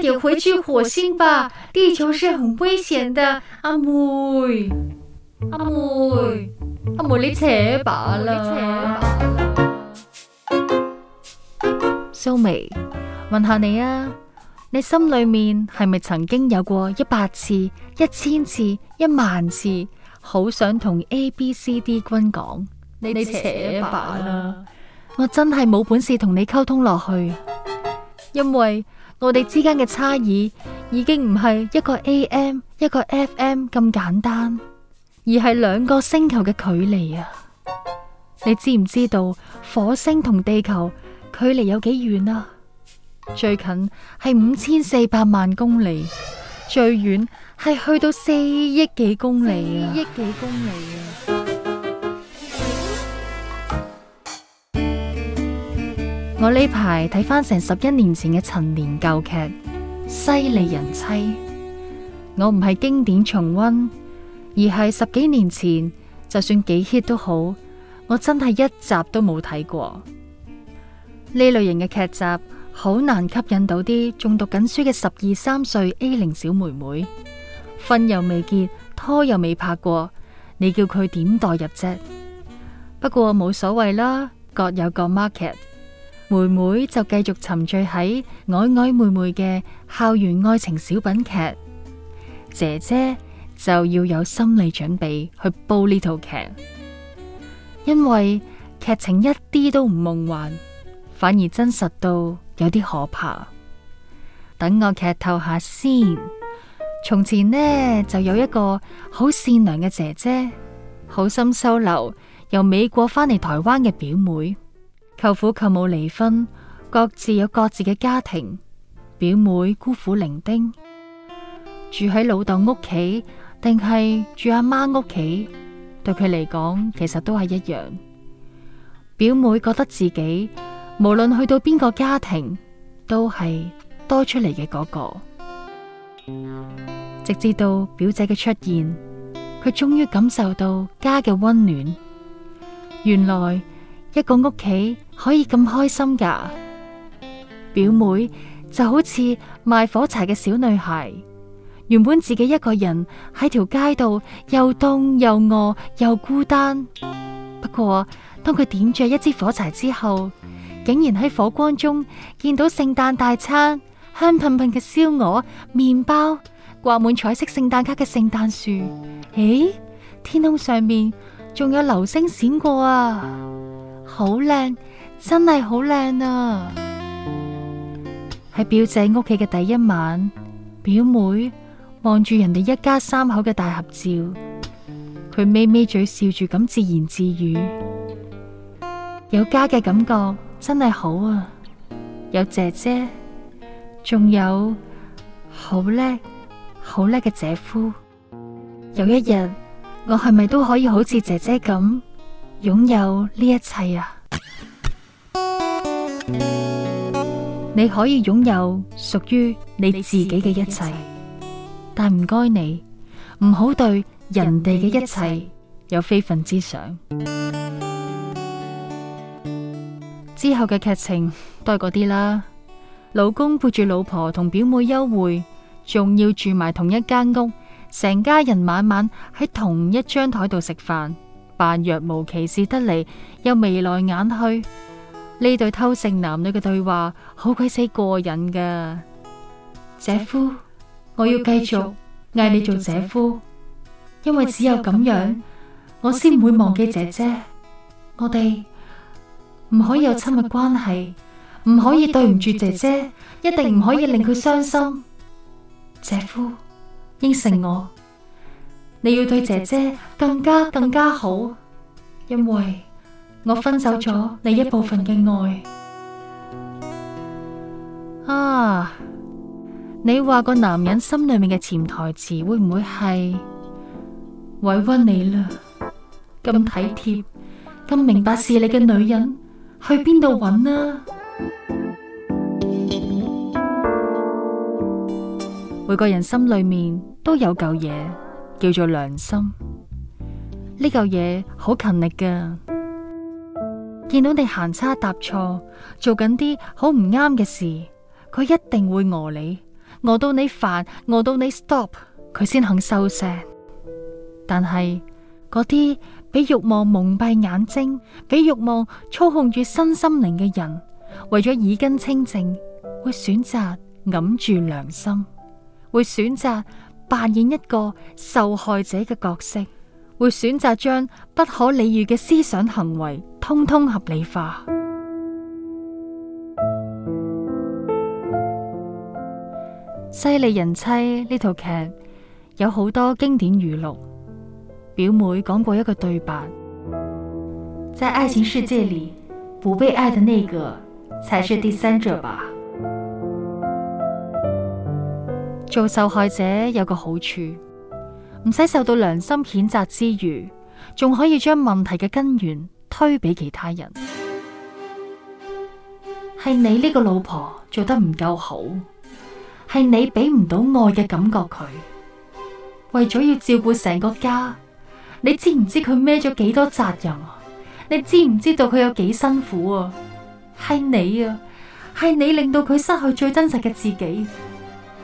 點回去火星吧，地球是很危險的。阿妹，阿妹，阿妹，阿妹，你扯把啦！蘇眉，問下你啊，你心裏面係咪曾經有過一百次、一千次、一萬次，好想同 A、B、C、D 君講？你扯把啦，我真係冇本事同你溝通落去，因為。我哋之間嘅差異已經唔係一個 AM 一個 FM 咁簡單，而係兩個星球嘅距離啊！你知唔知道火星同地球距離有幾遠啊？最近係五千四百萬公里，最遠係去到四億幾公里啊！四億幾公里啊！我呢排睇翻成十一年前嘅陳年舊劇《犀利人妻》，我唔係經典重溫，而係十幾年前就算幾 hit 都好，我真係一集都冇睇過。呢類型嘅劇集好難吸引到啲仲讀緊書嘅十二三歲 A 零小妹妹，婚又未結，拖又未拍過，你叫佢點代入啫？不過冇所謂啦，各有各 market。妹妹就繼續沉醉喺曖曖昧昧嘅校園愛情小品劇，姐姐就要有心理準備去煲呢套劇，因為劇情一啲都唔夢幻，反而真實到有啲可怕。等我劇透下先，從前呢就有一個好善良嘅姐姐，好心收留由美國返嚟台灣嘅表妹。舅父舅母離婚，各自有各自嘅家庭。表妹孤苦伶仃，住喺老豆屋企，定係住阿媽屋企，對佢嚟講其實都係一樣。表妹覺得自己無論去到邊個家庭，都係多出嚟嘅嗰個。直至到表姐嘅出現，佢終於感受到家嘅溫暖。原來，一個屋企可以咁開心㗎，表妹就好似賣火柴嘅小女孩。原本自己一個人喺條街度，又凍又餓又孤單。不過當佢點着一支火柴之後，竟然喺火光中見到聖誕大餐，香噴噴嘅燒鵝、麵包，掛滿彩色聖誕卡嘅聖誕樹。誒、哎，天空上面仲有流星閃過啊！好靚，真係好靚啊！喺表姐屋企嘅第一晚，表妹望住人哋一家三口嘅大合照，佢咪咪嘴笑住咁自言自語：有家嘅感覺真係好啊！有姐姐，仲有好叻、好叻嘅姐夫。有一日，我係咪都可以好似姐姐咁？擁有呢一切啊！你可以擁有屬於你自己嘅一切，但唔該你唔好對人哋嘅一切有非分之想。之後嘅劇情都係啲啦。老公背住老婆同表妹幽會，仲要住埋同一間屋，成家人晚晚喺同一張台度食飯。扮若無其事得嚟，又眉來眼去，呢對偷情男女嘅對話好鬼死過癮㗎！姐夫，我要繼續嗌你做姐夫，因為只有咁樣，我先唔會忘記姐姐。我哋唔可以有親密關係，唔可以對唔住姐姐，一定唔可以令佢傷心。姐夫，應承我。你要對姐姐更加更加好，因為我分手咗你一部分嘅愛啊！你話個男人心裏面嘅潛台詞會唔會係委屈你啦？咁體貼咁明白事理嘅女人去邊度揾啊？每個人心裏面都有舊嘢。叫做良心，呢嚿嘢好勤力噶。見到你行差踏錯，做緊啲好唔啱嘅事，佢一定會餓你，餓到你煩，餓到你 stop，佢先肯收聲。但係嗰啲俾慾望蒙蔽眼睛、俾慾望操控住身心靈嘅人，為咗耳根清淨，會選擇揞住良心，會選擇。扮演一個受害者嘅角色，會選擇將不可理喻嘅思想行為通通合理化。犀利 人妻呢套劇有好多經典語錄，表妹講過一個對白： 在愛情世界裏，不被愛的那個才是第三者吧。做受害者有個好處，唔使受到良心譴責之餘，仲可以將問題嘅根源推俾其他人。係 你呢個老婆做得唔夠好，係你俾唔到愛嘅感覺佢。為咗要照顧成個家，你知唔知佢孭咗幾多責任？你知唔知道佢有幾辛苦啊？係你啊，係你令到佢失去最真實嘅自己。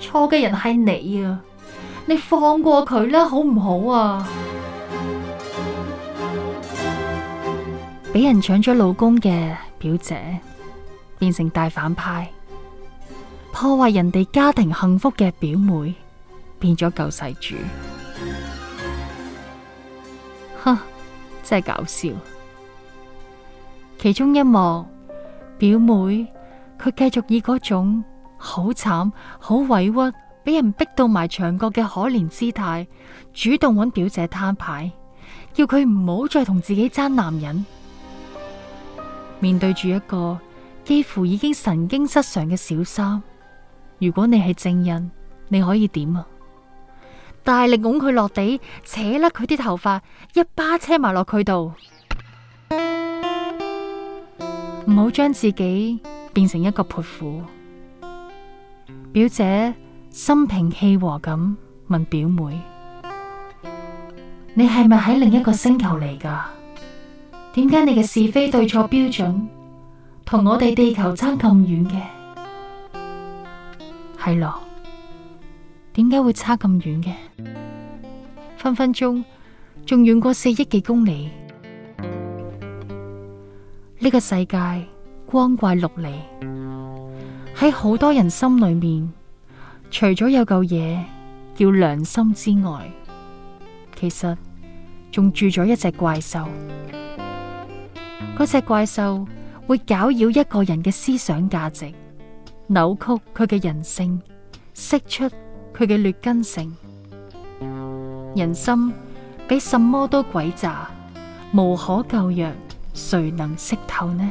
錯嘅人係你啊！你放過佢啦，好唔好啊？俾人搶咗老公嘅表姐，變成大反派，破壞人哋家庭幸福嘅表妹，變咗救世主。呵， 真係搞笑！其中一幕，表妹佢繼續以嗰種。好慘，好委屈，俾人逼到埋牆角嘅可憐姿態，主動揾表姐攤牌，叫佢唔好再同自己爭男人。面對住一個幾乎已經神經失常嘅小三，如果你係正人，你可以點啊？大力拱佢落地，扯甩佢啲頭髮，一巴車埋落佢度，唔好將自己變成一個潑婦。表姐心平氣和咁問表妹，你係咪喺另一個星球嚟噶？點解你嘅是非對錯標準同我哋地球差咁遠嘅？係咯？點解會差咁遠嘅？分分鐘仲遠過四億幾公里。呢個世界光怪陸離。喺好多人心裏面，除咗有嚿嘢叫良心之外，其實仲住咗一隻怪獸。嗰隻怪獸會攪擾一個人嘅思想價值，扭曲佢嘅人性，釋出佢嘅劣根性。人心比什麼都詭詐，無可救藥，誰能識透呢？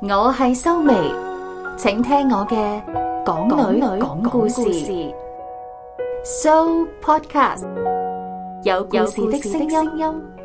我係修眉，請聽我嘅港女講故事，So Podcast 有故事的聲音。